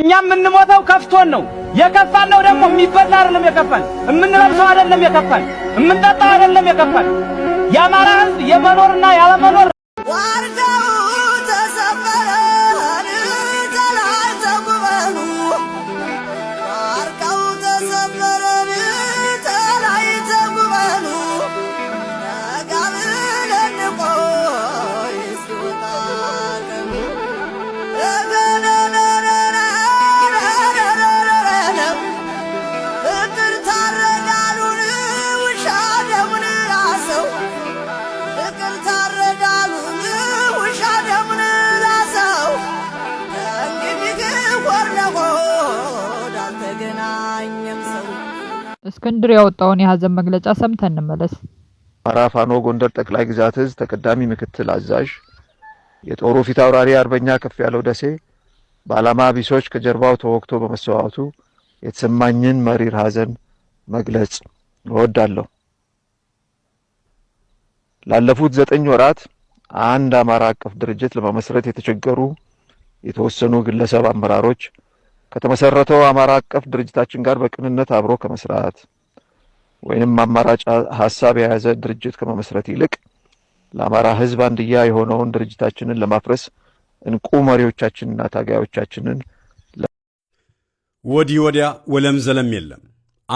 እኛ የምንሞተው ከፍቶን ነው። የከፋን ነው ደግሞ የሚበላ አይደለም የከፋን፣ የምንለብሰው አይደለም የከፋን፣ የምንጠጣው አይደለም የከፋን። የአማራ ህዝብ የመኖርና ያለመኖር እስክንድር ያወጣውን የሀዘን መግለጫ ሰምተን እንመለስ። አራፋኖ ጎንደር ጠቅላይ ግዛት እዝ ተቀዳሚ ምክትል አዛዥ የጦሩ ፊት አውራሪ አርበኛ ከፍ ያለው ደሴ በዓላማ ቢሶች ከጀርባው ተወቅቶ በመሰዋቱ የተሰማኝን መሪር ሀዘን መግለጽ እወዳለሁ። ላለፉት ዘጠኝ ወራት አንድ አማራ አቀፍ ድርጅት ለመመስረት የተቸገሩ የተወሰኑ ግለሰብ አመራሮች ከተመሰረተው አማራ አቀፍ ድርጅታችን ጋር በቅንነት አብሮ ከመስራት ወይንም አማራጭ ሀሳብ የያዘ ድርጅት ከመመስረት ይልቅ ለአማራ ሕዝብ አንድያ የሆነውን ድርጅታችንን ለማፍረስ እንቁ መሪዎቻችንና ታጋዮቻችንን ወዲህ ወዲያ ወለም ዘለም የለም።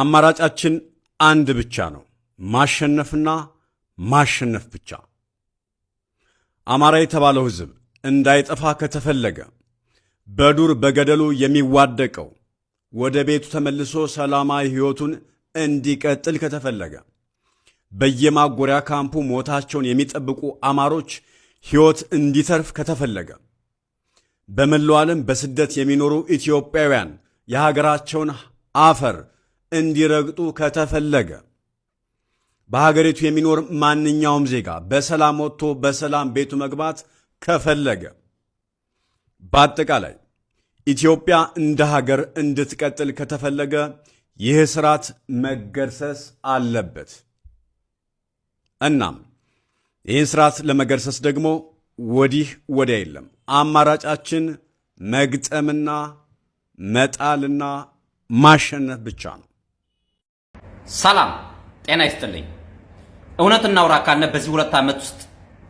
አማራጫችን አንድ ብቻ ነው፣ ማሸነፍና ማሸነፍ ብቻ። አማራ የተባለው ሕዝብ እንዳይጠፋ ከተፈለገ በዱር በገደሉ የሚዋደቀው ወደ ቤቱ ተመልሶ ሰላማዊ ሕይወቱን እንዲቀጥል ከተፈለገ በየማጎሪያ ካምፑ ሞታቸውን የሚጠብቁ አማሮች ሕይወት እንዲተርፍ ከተፈለገ በመላው ዓለም በስደት የሚኖሩ ኢትዮጵያውያን የሀገራቸውን አፈር እንዲረግጡ ከተፈለገ በሀገሪቱ የሚኖር ማንኛውም ዜጋ በሰላም ወጥቶ በሰላም ቤቱ መግባት ከፈለገ በአጠቃላይ ኢትዮጵያ እንደ ሀገር እንድትቀጥል ከተፈለገ ይህ ስርዓት መገርሰስ አለበት። እናም ይህን ስርዓት ለመገርሰስ ደግሞ ወዲህ ወዲያ የለም። አማራጫችን መግጠምና መጣልና ማሸነፍ ብቻ ነው። ሰላም ጤና ይስጥልኝ። እውነት እናውራ በዚህ ሁለት ዓመት ውስጥ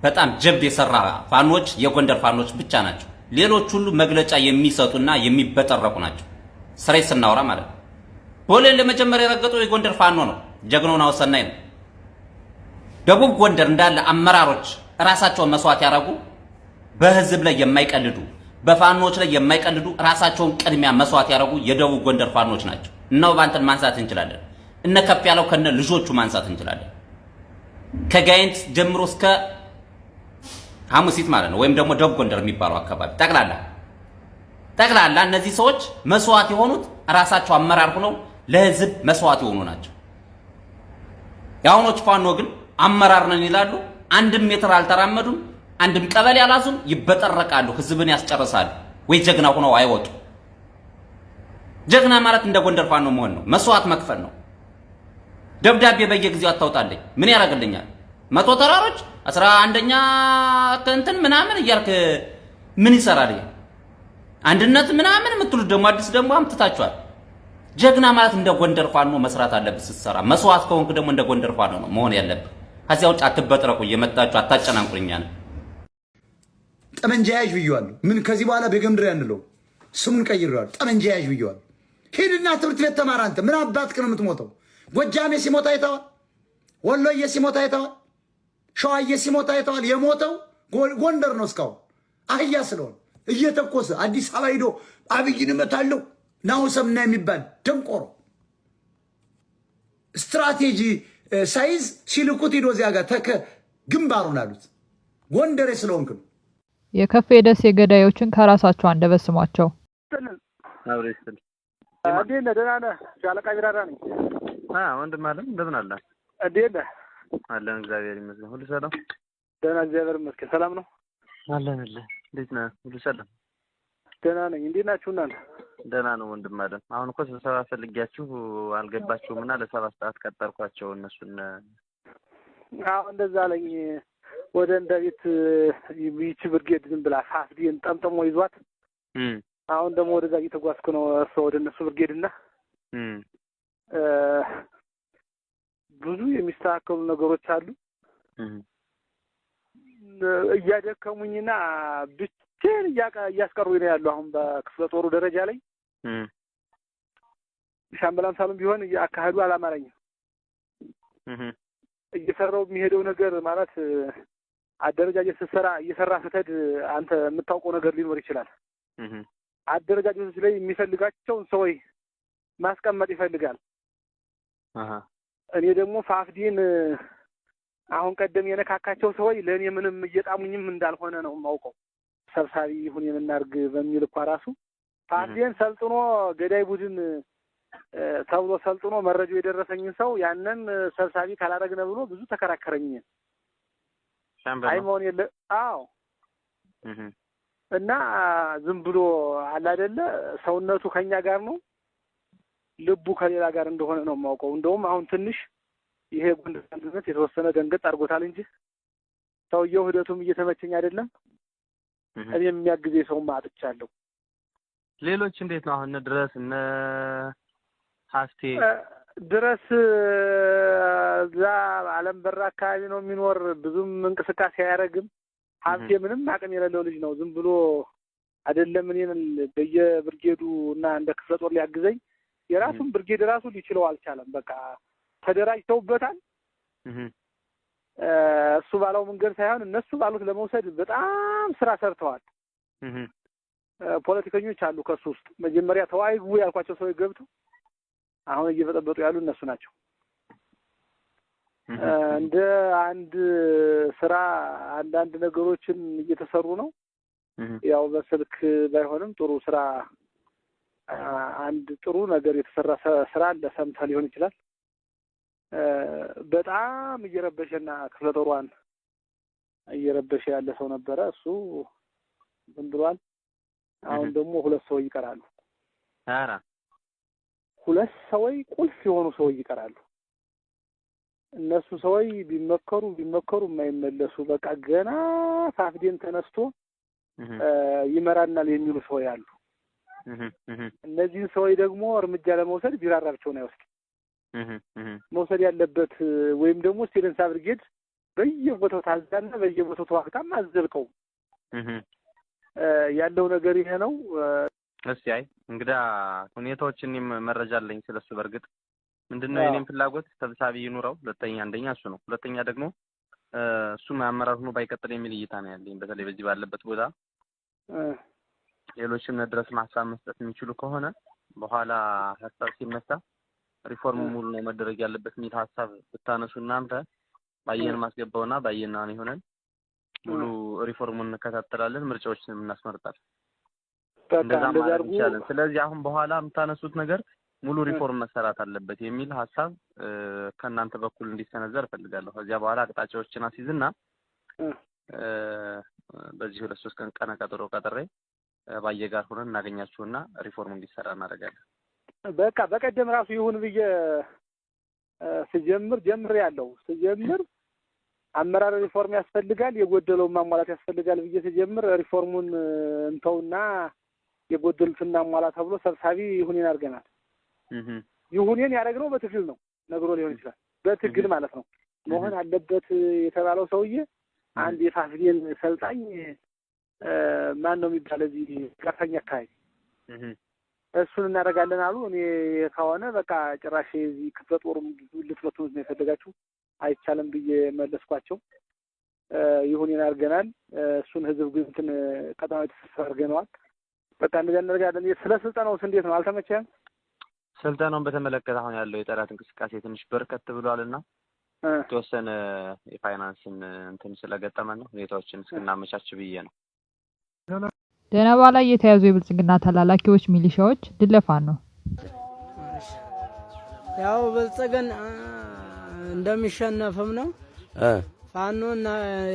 በጣም ጀብድ የሰራ ፋኖች የጎንደር ፋኖች ብቻ ናቸው። ሌሎች ሁሉ መግለጫ የሚሰጡና የሚበጠረቁ ናቸው። ስሬ ስናወራ ማለት ነው። ቦሌን ለመጀመሪያ የረገጠው የጎንደር ፋኖ ነው። ጀግኖን አወሰናይ ነው። ደቡብ ጎንደር እንዳለ አመራሮች ራሳቸውን መስዋዕት ያደረጉ በህዝብ ላይ የማይቀልዱ በፋኖች ላይ የማይቀልዱ ራሳቸውን ቅድሚያ መስዋዕት ያደረጉ የደቡብ ጎንደር ፋኖች ናቸው። እነ ውባንትን ማንሳት እንችላለን። እነ ከፍ ያለው ከነ ልጆቹ ማንሳት እንችላለን። ከጋይንት ጀምሮ እስከ ሐሙሲት ማለት ነው። ወይም ደግሞ ደቡብ ጎንደር የሚባለው አካባቢ ጠቅላላ ጠቅላላ እነዚህ ሰዎች መስዋዕት የሆኑት ራሳቸው አመራር ሆነው ለህዝብ መስዋዕት የሆኑ ናቸው። የአሁኖች ፋኖ ግን አመራር ነን ይላሉ። አንድም ሜትር አልተራመዱም፣ አንድም ቀበሌ አላዙም። ይበጠረቃሉ፣ ህዝብን ያስጨርሳሉ። ወይ ጀግና ሆነው አይወጡ። ጀግና ማለት እንደ ጎንደር ፋኖ መሆን ነው፣ መስዋዕት መክፈል ነው። ደብዳቤ በየጊዜው አታውጣለኝ ምን ያደርግልኛል? መቶ ተራሮች አስራ አንደኛ ከእንትን ምናምን እያልክ ምን ይሰራል? አንድነት ምናምን የምትሉት ደግሞ አዲስ ደግሞ አምጥታችኋል። ጀግና ማለት እንደ ጎንደር ፋኖ መስራት አለብህ። ስትሰራ መስዋዕት ከሆንክ ደግሞ እንደ ጎንደር ፋኖ ነው መሆን ያለብህ። ከዚያ ውጭ አትበጥረቁ፣ እየመጣችሁ አታጨናንቁን። እኛን ጠመንጃ ያዥ ብየዋለሁ። ምን ከዚህ በኋላ በገምድር ያንለው ስሙን ቀይረዋል። ጠመንጃ ያዥ ብየዋለሁ። ሂድና ትምህርት ቤት ተማር። አንተ ምን አባትክ ነው የምትሞተው? ጎጃሜ ሲሞት አይተዋል። ወሎዬ ሲሞት አይተዋል። ሸዋዬ ሲሞታ የተዋል የሞተው ጎንደር ነው። እስካሁን አህያ ስለሆነ እየተኮሰ አዲስ አበባ ሂዶ አብይን እመታለሁ ናሁሰምና የሚባል ደንቆሮ ስትራቴጂ ሳይዝ ሲልኩት ሂዶ እዚያ ጋር ተከ ግንባሩን አሉት። ጎንደሬ ስለሆንክ ነው። የከፍ የደሴ ገዳዮችን ከራሳቸው አንደበት ስሟቸው። እንዴት ነህ? ደህና ነህ? ሻለቃ ቢራራ ነኝ። ወንድም አለም እንደምን አለ? እንዴት ነህ? አለን እግዚአብሔር ይመስገን። ሁሉ ሰላም ደህና፣ እግዚአብሔር ይመስገን። ሰላም ነው አለን። አለን እንዴት ነህ? ሁሉ ሰላም ደህና ነኝ። እንዴት ናችሁ እናንተ? ደህና ነው ወንድም አለን። አሁን እኮ ስብሰባ ፈልጊያችሁ አልገባችሁም እና ለሰባት ሰዓት ቀጠርኳቸው እነሱን። አዎ እንደዛ አለኝ። ወደ እንደ ቤት ይቺ ብርጌድ ዝም ብላ ሀፍዲን ጠምጠሞ ይዟት፣ አሁን ደግሞ ወደዛ እየተጓዝኩ ነው። እሱ ወደ እነሱ ብርጌድ እና ብዙ የሚስተካከሉ ነገሮች አሉ። እያደከሙኝና ብቻዬን እያስቀሩኝ ነው ያሉ አሁን በክፍለ ጦሩ ደረጃ ላይ ሻምበላም አምሳሉም ቢሆን አካሄዱ አላማረኝም። እየሰራው የሚሄደው ነገር ማለት አደረጃጀት ስትሰራ እየሰራ ስትሄድ አንተ የምታውቀው ነገር ሊኖር ይችላል። አደረጃጀቶች ላይ የሚፈልጋቸውን ሰዎች ማስቀመጥ ይፈልጋል። እኔ ደግሞ ፋፍዲን አሁን ቀደም የነካካቸው ሰዎች ለእኔ ምንም እየጣሙኝም እንዳልሆነ ነው የማውቀው። ሰብሳቢ ይሁን የምናርግ በሚል እኳ ራሱ ፋፍዲን ሰልጥኖ ገዳይ ቡድን ተብሎ ሰልጥኖ መረጃው የደረሰኝን ሰው ያንን ሰብሳቢ ካላረግነ ብሎ ብዙ ተከራከረኝ። አይ መሆን የለ አዎ እና ዝም ብሎ አላደለ ሰውነቱ ከኛ ጋር ነው ልቡ ከሌላ ጋር እንደሆነ ነው የማውቀው። እንደውም አሁን ትንሽ ይሄ ጎንደር አንድነት የተወሰነ ደንገጥ አድርጎታል እንጂ ሰውየው ሂደቱም እየተመቸኝ አይደለም። እኔ የሚያግዜ ሰውም አጥቻለሁ። ሌሎች እንዴት ነው አሁን ድረስ እነ ሀስቴ ድረስ እዛ አለም በራ አካባቢ ነው የሚኖር። ብዙም እንቅስቃሴ አያደርግም። ሀብቴ ምንም አቅም የሌለው ልጅ ነው። ዝም ብሎ አይደለም እኔን በየብርጌዱ እና እንደ ክፍለ ጦር ሊያግዘኝ የራሱን ብርጌድ ራሱ ሊችለው አልቻለም። በቃ ተደራጅተውበታል። እሱ ባለው መንገድ ሳይሆን እነሱ ባሉት ለመውሰድ በጣም ስራ ሰርተዋል። ፖለቲከኞች አሉ ከሱ ውስጥ መጀመሪያ ተዋይጉ ያልኳቸው ሰዎች ገብተው አሁን እየበጠበጡ ያሉ እነሱ ናቸው። እንደ አንድ ስራ አንዳንድ ነገሮችን እየተሰሩ ነው። ያው በስልክ ባይሆንም ጥሩ ስራ አንድ ጥሩ ነገር የተሰራ ስራ እንደ ሰምተህ ሊሆን ይችላል። በጣም እየረበሸና ክፍለ ጦሯን እየረበሸ ያለ ሰው ነበረ። እሱ ዝም ብሏል። አሁን ደግሞ ሁለት ሰዎች ይቀራሉ። ኧረ ሁለት ሰዎች ቁልፍ የሆኑ ሰዎች ይቀራሉ። እነሱ ሰዎች ቢመከሩ ቢመከሩ የማይመለሱ በቃ ገና ሳፍዴን ተነስቶ ይመራናል የሚሉ ሰዎች አሉ። እነዚህን ሰዎች ደግሞ እርምጃ ለመውሰድ ቢራራቸውን አይወስድም። መውሰድ ያለበት ወይም ደግሞ ስቴደንሳ ብርጌድ በየቦታው ታዛና በየቦታው ተዋግታም አዘልቀው ያለው ነገር ይሄ ነው። እስቲ አይ እንግዳ ሁኔታዎች እኔም መረጃ አለኝ ስለሱ። በእርግጥ ምንድን ነው የኔም ፍላጎት ሰብሳቢ ይኑረው። ሁለተኛ አንደኛ እሱ ነው። ሁለተኛ ደግሞ እሱም አመራር ሆኖ ባይቀጥል የሚል እይታ ነው ያለኝ በተለይ በዚህ ባለበት ቦታ ሌሎችም ለድረስ ማሳብ መስጠት የሚችሉ ከሆነ በኋላ ሀሳብ ሲነሳ ሪፎርም ሙሉ ነው መደረግ ያለበት የሚል ሀሳብ ብታነሱ እናንተ ባየን ማስገባውና ባየናን ይሆነን ሙሉ ሪፎርሙን እንከታተላለን፣ ምርጫዎችን እናስመርጣል። እንደዛ ማለት ስለዚህ አሁን በኋላ የምታነሱት ነገር ሙሉ ሪፎርም መሰራት አለበት የሚል ሀሳብ ከእናንተ በኩል እንዲሰነዘር እፈልጋለሁ። ከዚያ በኋላ አቅጣጫዎችን አስይዝና በዚህ ሁለት ሶስት ቀን ቀነ ቀጥሬ ባየ ጋር ሆነን እናገኛችሁና ሪፎርም እንዲሰራ እናደርጋለን። በቃ በቀደም ራሱ ይሁን ብዬ ስጀምር ጀምር ያለው ስጀምር አመራር ሪፎርም ያስፈልጋል የጎደለውን ማሟላት ያስፈልጋል ብዬ ስጀምር ሪፎርሙን እንተውና የጎደሉትን እናሟላ ተብሎ ሰብሳቢ ይሁኔን አድርገናል። ይሁኔን ያደረግነው በትግል ነው። ነግሮ ሊሆን ይችላል። በትግል ማለት ነው መሆን አለበት የተባለው ሰውዬ አንድ የፋፍዴን ሰልጣኝ ማን ነው የሚባል እዚህ ቀፈኝ አካባቢ እሱን እናደርጋለን አሉ። እኔ ከሆነ በቃ ጭራሽ እዚህ ክፍለ ጦሩም ልትበትኑት ነው የፈለጋችሁ አይቻልም ብዬ መለስኳቸው። ይሁን አድርገናል። እሱን ህዝብ ግን እንትን ቀጠና ተሰብሰብ አድርገነዋል። በቃ እንደዚያ እናደርጋለን። ስለ ስልጠናውስ እንዴት ነው? አልተመቸህም? ስልጠናውን በተመለከተ አሁን ያለው የጠላት እንቅስቃሴ ትንሽ በርከት ብሏል እና የተወሰነ የፋይናንስን እንትን ስለገጠመን ነው ሁኔታዎችን እስክናመቻች ብዬ ነው። ደነባ ላይ የተያዙ የብልጽግና ተላላኪዎች ሚሊሻዎች ድለፋ ነው። ያው ብልጽግና እንደሚሸነፍም ነው። ፋኖን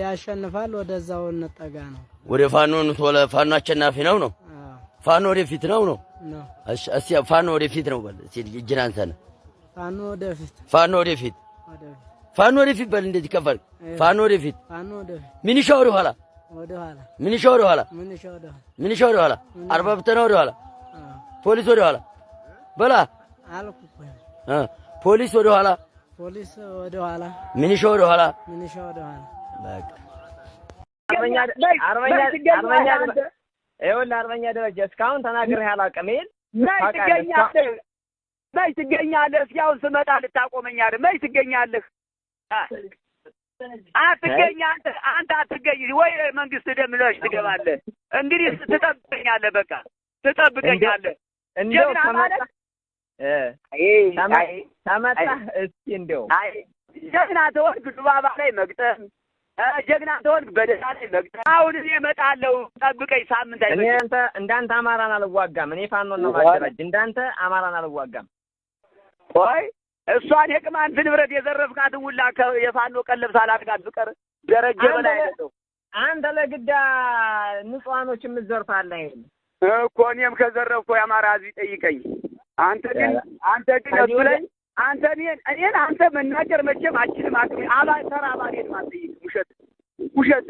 ያሸንፋል። ወደዛው እንጠጋ ነው። ወደ ፋኖን ቶለ ፋኖ አሸናፊ ነው ነው ፋኖ ወደፊት ነው ነው። እሺ ፋኖ ወደፊት ነው በል። እሺ እጅን አንሳለ ፋኖ ወደፊት ፋኖ ወደፊት ፋኖ ወደፊት በል። እንደዚህ ከፈል ፋኖ ወደፊት ፋኖ ወደፊት ሚኒሻ ወደ ኋላ ምንሻ ወደኋላ ኋላ፣ ምንሻ ወደ ኋላ፣ አርባ ብተና ወደ ፖሊስ ወደኋላ ኋላ በላ ፖሊስ ወደኋላ ወደ ኋላ፣ ምንሻ ወደ ይኸውልህ፣ አርበኛ ደረጃ እስካሁን ተናግሬህ አላውቅም። ይሄን ነይ ትገኛለህ፣ ነይ ትገኛለህ። እስኪ አሁን ስመጣ ልታቆመኝ አይደል? ነይ ትገኛለህ አትገኝ አንተ አንተ አትገኝ ወይ መንግስት ደም ለሽ ትገባለህ። እንግዲህ ትጠብቀኛለህ፣ በቃ ትጠብቀኛለህ። እንደው ከመጣህ ከመጣህ እስኪ እንደው ጀግና ተወንክ ዱባባ ላይ መግጠም ጀግና ተወንክ በደሳ ላይ መግጠም። አሁን እኔ እመጣለሁ፣ ጠብቀኝ። ሳምንት እኔ አንተ እንዳንተ አማራን አልዋጋም። እኔ ፋኖን ነው ማደራጅ። እንዳንተ አማራን አልዋጋም። ቆይ እሷን የቅማንት ንብረት የዘረፍካትን ሁላ የፋኖ ቀለብ ሳላድጋት ፍቅር ደረጀ በላይ አይደለሁ። አንተ ለግዳ ንጹሐኖች የምትዘርፋለህ አይደል እኮ። እኔም ከዘረፍኩ የአማራ ህዝብ ይጠይቀኝ። አንተ ግን አንተ ግን እሱ ላይ አንተ እኔን እኔን አንተ መናገር መቼም አችልም። አቅ አባ ተራ አባሌን ማጠይቅ ውሸት ውሸት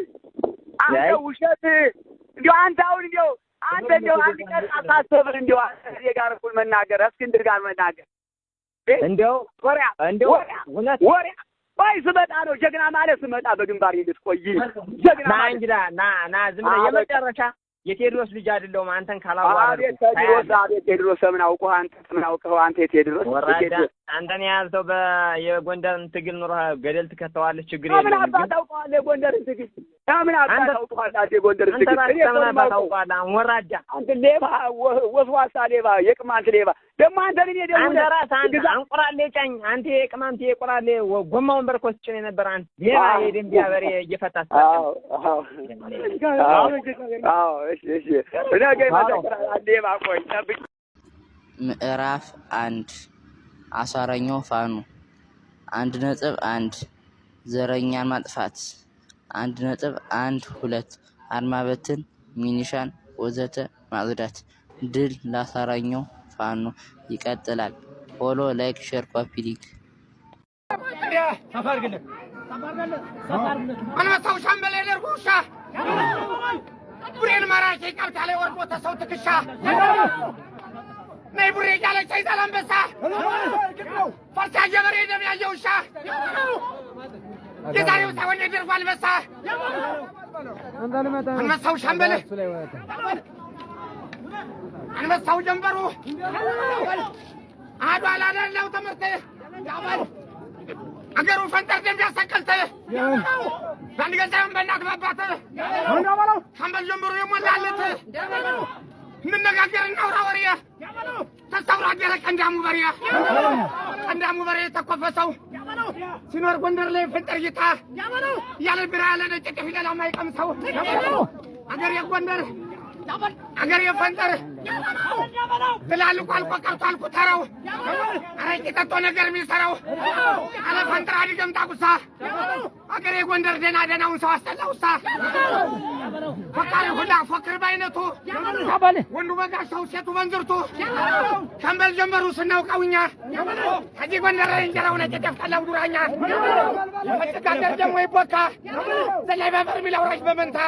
አንተ ውሸት እንዲሁ አንተ አሁን እንዲያው አንተ እንዲያው አንድ ቀን አታሰብር እንዲያው አንተ ጋር እኩል መናገር እስክንድር ጋር መናገር እንደው እንደው እውነት ቆይ ስመጣ ነው ጀግና ማለት ስመጣ በግንባር እንድትቆይ ጀግና ና ና ና ዝም ብለህ የመጨረሻ የቴድሮስ ልጅ አይደለሁም። አንተን ካላዋራ አቤት ቴድሮስ አቤት ቴድሮስ ምን አውቀው አንተ ምን አውቀው አንተ የቴድሮስ አንተን የያዝ ሰው የጎንደርን ትግል ኑሮ ገደል ትከተዋለህ። ችግር የለም። ምን አባ ታውቀዋለህ? የጎንደርን ትግል ምን አባ ታውቀዋለህ? የጎንደርን ትግል ምን አባ ታውቀዋለህ? አሁን ወራዳ፣ አንተ ሌባ፣ ወስዋሳ ሌባ፣ የቅማንት ሌባ ደግሞ አንተ ግን የደ አንተ ራስህ አንተ አንቁራሌ ጫኝ አንተ የቅማንት የቁራሌ ጎማውን ወንበር ኮስችን የነበረ አንተ ሌባ የደንቢያ በሬ እየፈታ ስታቸው ሌባ ቆይ ጠብቅ ምዕራፍ አንድ አሳረኛው ፋኖ አንድ ነጥብ አንድ ዘረኛን ማጥፋት አንድ ነጥብ አንድ ሁለት አድማ ሚኒሻን ወዘተ ማጽዳት ድል ለአሳረኛው ፋኖ ይቀጥላል። ፎሎ፣ ላይክ፣ ሼር፣ ኮፒ ሊንክ አንበሳው ሻምበል ደርጉሻ ቡሬን ማራኪ ቀብታ ላይ ወርቆ ተሰው ትክሻ ነይ ቡሬ እያለች አይዛል አንበሳ ፈርቻ ጀበሬ ደም ያየው ውሻ የዛሬው ሰው እንደ ድርጎ አንበሳ አንበሳው ሻምበል አንበሳው ጀንበሩ አዱ አላደለው ትምህርት አገሩ ፈንጠር ደም ያሰቀልተ ባንድ ገዛዩን በእናት ባባተ ሻምበል ጀንበሩ የሞላለት እንነጋገር እናውራ ወሬ ተሰውራ አደረ ቀንዳሙ በሬ ቀንዳሙ በሬ ተኮፈሰው ሲኖር ጎንደር ላይ ፈንጠር ጌታ እያለ ቢራ ያለ ነጭ ፊደላ ማይቀምሰው አገሬ ጎንደር አገሬ ፈንጠር ትላልቁ አልቆ ቀርቶ አልኩ ተረው አረቄ ጠጦ ነገር የሚሰራው አለ ፈንጠር አድገምጣ ቁሳ አገሬ ጎንደር ደና ደናውን ሰው አስጠላ ፈቃሪ ሁላ ፎክር ባይነቱ ወንዱ በጋሻው ሴቱ መንዝርቱ ሸምበል ጀመሩ ስናውቀውኛ ከዚህ ጎንደር እንጀራው ነጭ ደፍታላው ዱራኛ በጭቃደር ደግሞ ይቦካ ዘላይ በበርሚል አውራጅ በመንታ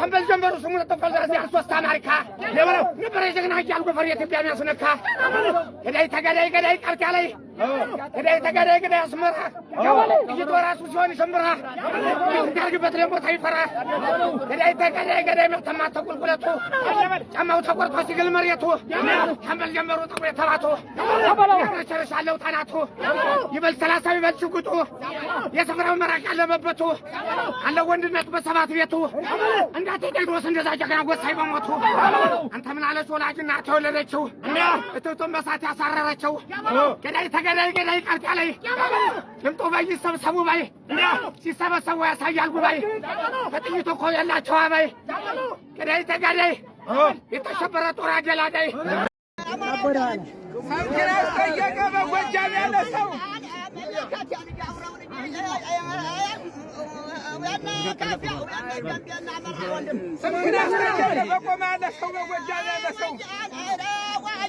ሸምበል ጀመሩ ስሙ ተፈዛዚ አሶስት አማሪካ ነበረ የጀግና እያል ጎፈር የኢትዮጵያ የሚያስነካ ገዳይ ተገዳይ ገዳይ ቀርታ ላይ ግዳይ ተጋዳይ አስመራ ጥይት በራሱ ሲሆን ይሰምራ ታርግበት ደግሞ ታይፈራ ግዳይ ተጋዳይ ገዳይ መተማ ተቁልቁለቱ ጫማው ተቆርጦ ሲግል መሬቱ ሸመል ጀመሩ ጥቁር የተባቱ ሸርሸር አለው ይበል ሰላሳ ይበል ሽጉጡ የስፍራው መራቅ አለመበቱ አለ ወንድነት በሰባት ቤቱ እንዳትጤዶስ እንደዛ ጀግና ጎሳይ በሞቱ አንተ ምን አለች ወላጅ እናት የወለደችው እትብቶን በሳት ያሳረረችው ገዳይ ተጋ ገላይ ገላይ ይቀርታለ ልምጡ ባይ ይሰብሰቡ ባይ ሲሰበሰቡ ያሳያሉ ባይ በጥይቱ እኮ የላቸዋ ባይ ገዳይ ተጋዳይ የተሸበረ ጦር አደላዳይ ሰምክራስ ጠየቀ በጎጃም ያለ ሰው ስምክራስ ጠየቀ በጎማ ያለ ሰው በጎጃም ያለ ሰው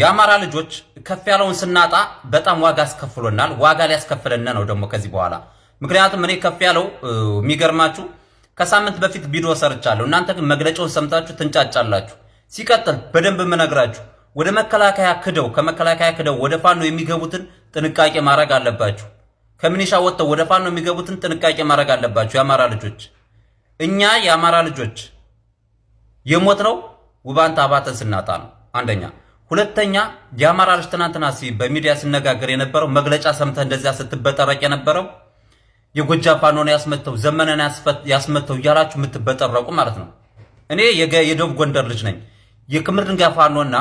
የአማራ ልጆች ከፍ ያለውን ስናጣ በጣም ዋጋ አስከፍሎናል። ዋጋ ሊያስከፍለን ነው ደግሞ ከዚህ በኋላ ምክንያቱም እኔ ከፍ ያለው የሚገርማችሁ ከሳምንት በፊት ቪዲዮ ሰርቻለሁ። እናንተ ግን መግለጫውን ሰምታችሁ ትንጫጫላችሁ። ሲቀጥል በደንብ የምነግራችሁ ወደ መከላከያ ክደው ከመከላከያ ክደው ወደ ፋኖ የሚገቡትን ጥንቃቄ ማድረግ አለባችሁ። ከሚኒሻ ወጥተው ወደ ፋኖ የሚገቡትን ጥንቃቄ ማድረግ አለባችሁ። የአማራ ልጆች እኛ የአማራ ልጆች የሞት ነው ውባንታ አባተን ስናጣ ነው አንደኛ ሁለተኛ የአማራ ልጅ ትናንትና በሚዲያ ሲነጋገር የነበረው መግለጫ ሰምተ እንደዚያ ስትበጠረቅ የነበረው የጎጃ ፋኖን ያስመተው ዘመነን ያስመተው እያላችሁ የምትበጠረቁ ማለት ነው። እኔ የደቡብ ጎንደር ልጅ ነኝ። የክምር ድንጋይ ፋኖና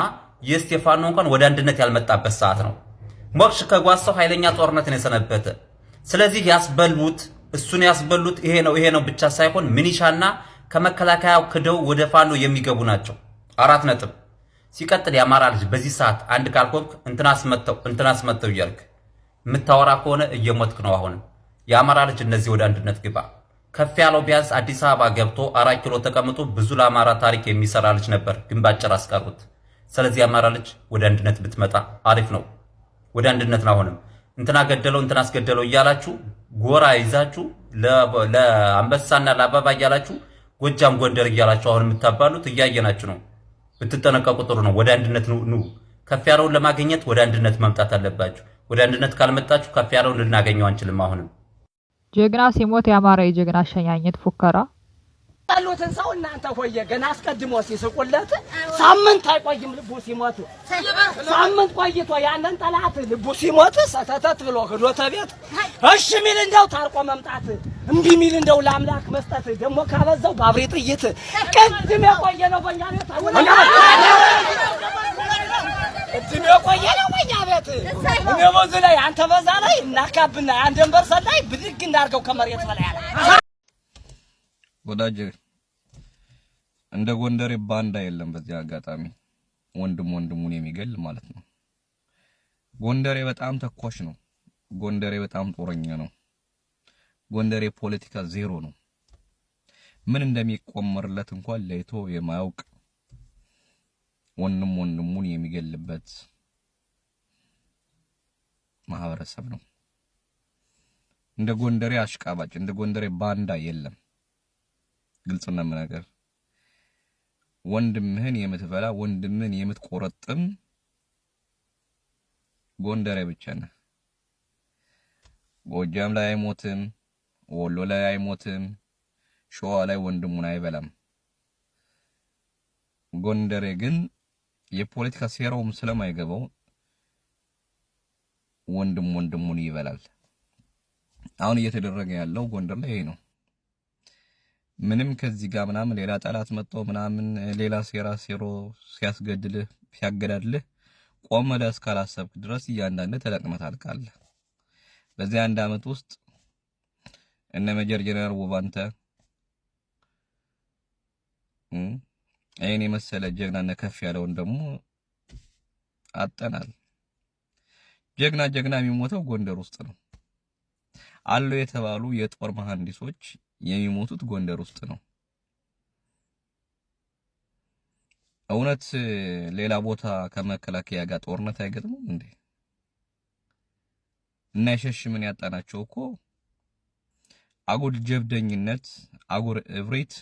የእስቴ ፋኖ እንኳን ወደ አንድነት ያልመጣበት ሰዓት ነው። ሞክሽ ከጓሰው ኃይለኛ ጦርነትን የሰነበተ ስለዚህ ያስበሉት እሱን ያስበሉት ይሄ ነው ይሄ ነው ብቻ ሳይሆን ሚኒሻና ከመከላከያው ክደው ወደ ፋኖ የሚገቡ ናቸው። አራት ነጥብ ሲቀጥል የአማራ ልጅ በዚህ ሰዓት አንድ መጥተው እንትናስ መጥተው እያልክ የምታወራ ከሆነ እየሞትክ ነው። አሁንም የአማራ ልጅ እነዚህ ወደ አንድነት ግባ። ከፍ ያለው ቢያንስ አዲስ አበባ ገብቶ አራት ኪሎ ተቀምጦ ብዙ ለአማራ ታሪክ የሚሰራ ልጅ ነበር፣ ግን ባጭር አስቀሩት። ስለዚህ የአማራ ልጅ ወደ አንድነት ብትመጣ አሪፍ ነው። ወደ አንድነት ነው አሁንም እንትና ገደለው እንትና አስገደለው እያላችሁ ጎራ ይዛችሁ ለአንበሳና ለአበባ እያላችሁ ጎጃም ጎንደር እያላችሁ አሁን የምታባሉት እያየናችሁ ነው። ብትጠነቀቁ ጥሩ ነው። ወደ አንድነት ኑ። ከፍ ያለውን ለማግኘት ወደ አንድነት መምጣት አለባችሁ። ወደ አንድነት ካልመጣችሁ ከፍ ያለውን ልናገኘው አንችልም። አሁንም ጀግና ሲሞት ያማረ የጀግና አሸኛኘት ፉከራ ያሉትን ሰው እናንተ ሆየ ገና አስቀድሞ ሲስቁለት ሳምንት አይቆይም ልቡ ሲሞት። ሳምንት ቆይቶ ያንን ጠላት ልቡ ሲሞት ሰተተት ብሎ ህዶ ተቤት እሺ ሚል እንደው ታርቆ መምጣት እምቢ ሚል እንደው ለአምላክ መስጠት ደግሞ ካበዛው ባብሪ ጥይት ቅድም የቆየ ነው በእኛ ቤት ቅድም የቆየ ነው በእኛ ቤት እኔ በዙ ላይ አንተ በዛ ላይ እናካብና ያን ደንበር ሰላይ ብድግ እንዳርገው ከመሬት በላይ ወዳጅ እንደ ጎንደሬ ባንዳ የለም። በዚህ አጋጣሚ ወንድም ወንድሙን የሚገል ማለት ነው። ጎንደሬ በጣም ተኳሽ ነው። ጎንደሬ በጣም ጦረኛ ነው። ጎንደሬ ፖለቲካ ዜሮ ነው። ምን እንደሚቆመርለት እንኳን ለይቶ የማያውቅ ወንድም ወንድሙን የሚገልበት ማህበረሰብ ነው። እንደ ጎንደሬ አሽቃባጭ፣ እንደ ጎንደሬ ባንዳ የለም። ግልጽ ነገር ወንድምህን የምትበላ ወንድምህን የምትቆረጥም ጎንደሬ ብቻ ነህ። ጎጃም ላይ አይሞትም፣ ወሎ ላይ አይሞትም፣ ሸዋ ላይ ወንድሙን አይበላም። ጎንደሬ ግን የፖለቲካ ሴራውም ስለማይገባው ወንድም ወንድሙን ይበላል። አሁን እየተደረገ ያለው ጎንደር ላይ ይሄ ነው። ምንም ከዚህ ጋር ምናምን ሌላ ጠላት መጥቶ ምናምን ሌላ ሴራ ሴሮ ሲያስገድልህ ሲያገዳድልህ ቆም ብለህ እስካላሰብክ ድረስ እያንዳንድ ተለቅመህ ታልቃለህ። በዚህ አንድ ዓመት ውስጥ እነ ሜጀር ጄኔራል ውባንተ ይህን የመሰለ ጀግና እነ ከፍ ያለውን ደግሞ አጠናል። ጀግና ጀግና የሚሞተው ጎንደር ውስጥ ነው አለው የተባሉ የጦር መሐንዲሶች የሚሞቱት ጎንደር ውስጥ ነው። እውነት ሌላ ቦታ ከመከላከያ ጋር ጦርነት አይገጥሙም እንዴ? እና የሸሽ ምን ያጣናቸው እኮ አጉል ጀብደኝነት፣ አጉል እብሪት፣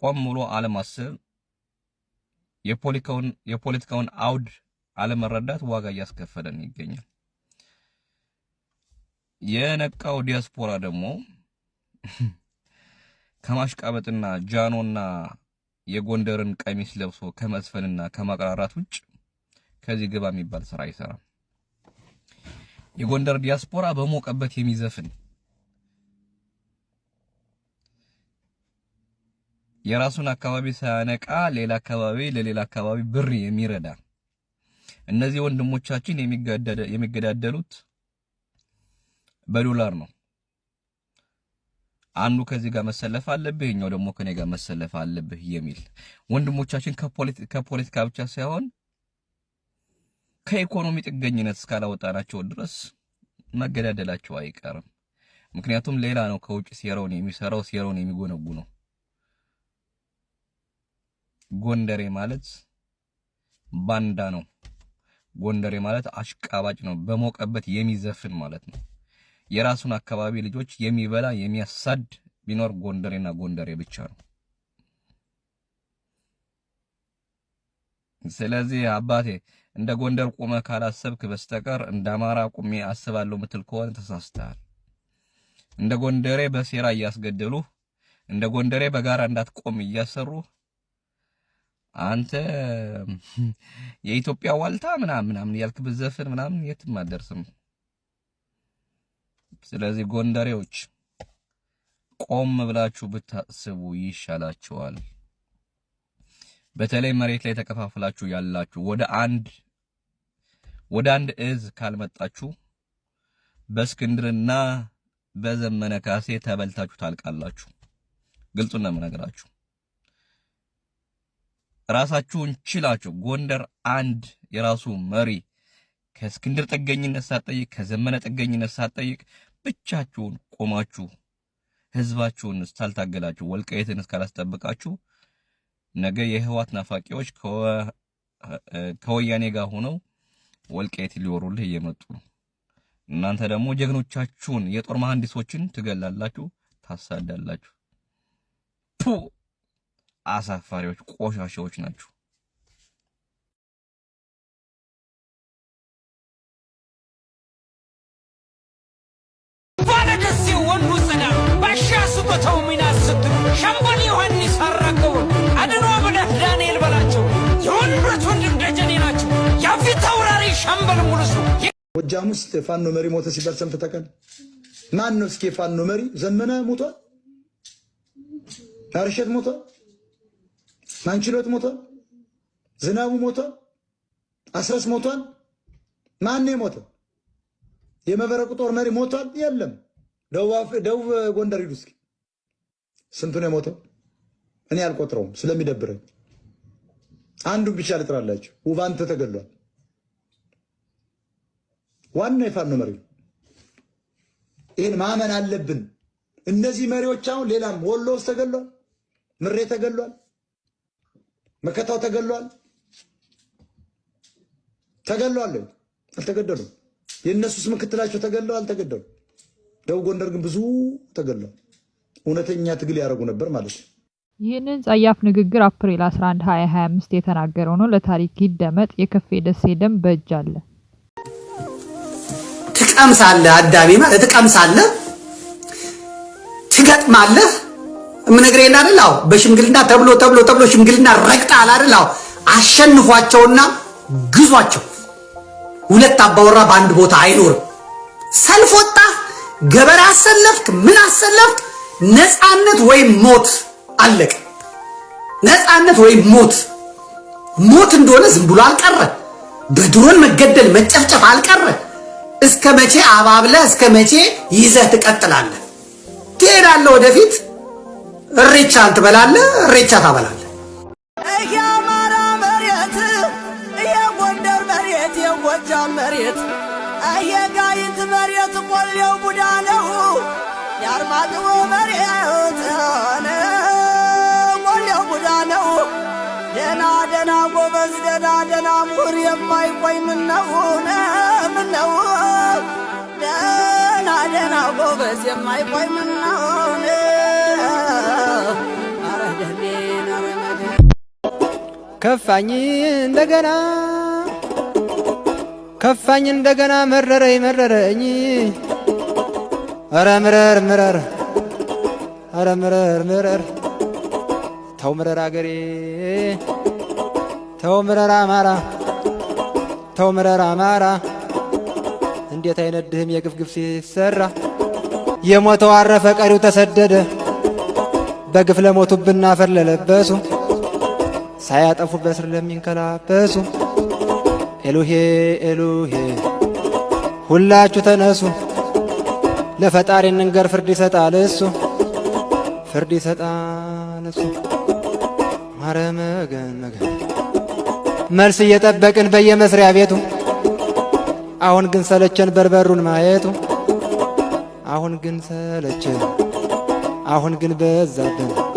ቆም ብሎ አለማሰብ፣ የፖለቲካውን የፖለቲካውን አውድ አለመረዳት ዋጋ እያስከፈለን ይገኛል። የነቃው ዲያስፖራ ደግሞ ከማሽቃበጥና ጃኖና የጎንደርን ቀሚስ ለብሶ ከመዝፈንና ከማቅራራት ውጭ ከዚህ ግባ የሚባል ስራ አይሰራም። የጎንደር ዲያስፖራ በሞቀበት የሚዘፍን የራሱን አካባቢ ሳያነቃ ሌላ አካባቢ ለሌላ አካባቢ ብር የሚረዳ እነዚህ ወንድሞቻችን የሚገዳደሉት በዶላር ነው። አንዱ ከዚህ ጋር መሰለፍ አለብህ፣ እኛው ደግሞ ከኔ ጋር መሰለፍ አለብህ የሚል ወንድሞቻችን ከፖለቲካ ብቻ ሳይሆን ከኢኮኖሚ ጥገኝነት እስካላወጣናቸው ድረስ መገዳደላቸው አይቀርም። ምክንያቱም ሌላ ነው ከውጭ ሴራውን የሚሰራው ሴራውን የሚጎነጉ ነው። ጎንደሬ ማለት ባንዳ ነው። ጎንደሬ ማለት አሽቃባጭ ነው። በሞቀበት የሚዘፍን ማለት ነው። የራሱን አካባቢ ልጆች የሚበላ የሚያሳድ ቢኖር ጎንደሬና ጎንደሬ ብቻ ነው። ስለዚህ አባቴ እንደ ጎንደር ቁመ ካላሰብክ በስተቀር እንደ አማራ ቁሜ አስባለሁ ምትል ከሆነ ተሳስተሃል። እንደ ጎንደሬ በሴራ እያስገደሉ እንደ ጎንደሬ በጋራ እንዳትቆም እያሰሩ አንተ የኢትዮጵያ ዋልታ ምናምን ምናምን ያልክ ብዘፍን ምናምን የትም አደርስም። ስለዚህ ጎንደሬዎች ቆም ብላችሁ ብታስቡ ይሻላችኋል። በተለይ መሬት ላይ ተከፋፍላችሁ ያላችሁ ወደ አንድ ወደ አንድ እዝ ካልመጣችሁ በእስክንድርና በዘመነ ካሴ ተበልታችሁ ታልቃላችሁ። ግልጹን ነው የምነግራችሁ። ራሳችሁን ችላችሁ ጎንደር አንድ የራሱ መሪ ከእስክንድር ጥገኝነት ሳትጠይቅ ከዘመነ ጥገኝነት ሳትጠይቅ ብቻችሁን ቆማችሁ ህዝባችሁን እስካልታገላችሁ ወልቃየትን እስካላስጠብቃችሁ ነገ የህዋት ናፋቂዎች ከወያኔ ጋር ሆነው ወልቀየት ሊወሩልህ እየመጡ ነው። እናንተ ደግሞ ጀግኖቻችሁን የጦር መሐንዲሶችን ትገላላችሁ፣ ታሳዳላችሁ። ፑ አሳፋሪዎች፣ ቆሻሻዎች ናችሁ። ጋሻ ስጦተው ሚና ስትሉ ሸምበል ዮሐንስ አራከቡ አድኖ አብነህ ዳንኤል በላቸው የወንዶች ወንድም ደጀኔ ናቸው። የፊት አውራሪ ሸምበል ሙሉሱ ጎጃም ውስጥ የፋኖ መሪ ሞተ ሲባል ሰምተህ ታውቃለህ? ማን ነው እስኪ የፋኖ መሪ? ዘመነ ሞቷል። ታርሸት ሞቷል። ማንችሎት ሞቷል። ዝናቡ ሞቷል። አስረስ ሞቷል። ማን ነው የሞተ? የመበረቁ ጦር መሪ ሞቷል። የለም ደቡብ ጎንደር ሂዱ እስኪ። ስንቱ ነው የሞተው? እኔ አልቆጥረውም ስለሚደብረኝ። አንዱን ብቻ ልጥራላችሁ። ውባንተ ተገሏል። ዋና የፋኖ መሪ ይህን ማመን አለብን። እነዚህ መሪዎች አሁን ሌላም ወሎ ውስጥ ተገሏል፣ ምሬ ተገሏል፣ መከታው ተገሏል። ተገሏል አልተገደሉም? የእነሱስ ምክትላቸው ተገለው አልተገደሉም? ደቡብ ጎንደር ግን ብዙ ተገድለዋል። እውነተኛ ትግል ያደረጉ ነበር ማለት ነው። ይህንን ጸያፍ ንግግር አፕሪል 11 2025 የተናገረው ነው። ለታሪክ ይደመጥ። የከፌ ደሴ ደም በእጅ አለ። ትቀምሳለህ፣ አዳሜ ማለት ትቀምሳለህ፣ ትገጥማለህ። የምነግርህ የለ አይደል? አዎ በሽምግልና ተብሎ ተብሎ ተብሎ ሽምግልና ረግጠሃል አይደል? አዎ አሸንፏቸውና ግዟቸው። ሁለት አባወራ በአንድ ቦታ አይኖርም። ሰልፍ ወጣ ገበሬ አሰለፍክ፣ ምን አሰለፍክ፣ ነፃነት ወይም ሞት አለቅ። ነፃነት ወይም ሞት ሞት እንደሆነ ዝም ብሎ አልቀረ። በድሮን መገደል መጨፍጨፍ አልቀረ። እስከ መቼ አባብለህ እስከ መቼ ይዘህ ትቀጥላለህ? ትሄዳለህ ወደፊት፣ እሬቻን ትበላለህ፣ እሬቻ ታበላለህ። አጥቦ መሬት ሆነ ቡዳ ነው። ደና ደና ጎበዝ ደና ደና ምሁር የማይቆይ ምነው ምነው ደና ደና ጎበዝ የማይቆይ ከፋኝ እንደገና ከፋኝ እንደገና መረረኝ መረረኝ አረ ምረር ምረር ኧረ ምረር ምረር ተው ምረር አገሬ ተው ምረር አማራ ተው ምረር አማራ እንዴት አይነት ድህም የግፍግፍ ሲሰራ የሞተው አረፈ ቀሪው ተሰደደ በግፍ ለሞቱ ብናፈር ለለበሱ ሳያጠፉ በስር ለሚንከላበሱ ኤሉሄ ኤሉሄ ሁላችሁ ተነሱ ለፈጣሪ እንንገር ፍርድ ይሰጣል እሱ ፍርድ ይሰጣል እሱ ማረመገን መልስ እየጠበቅን በየመስሪያ ቤቱ አሁን ግን ሰለቸን በርበሩን ማየቱ አሁን ግን ሰለቸን አሁን ግን በዛብን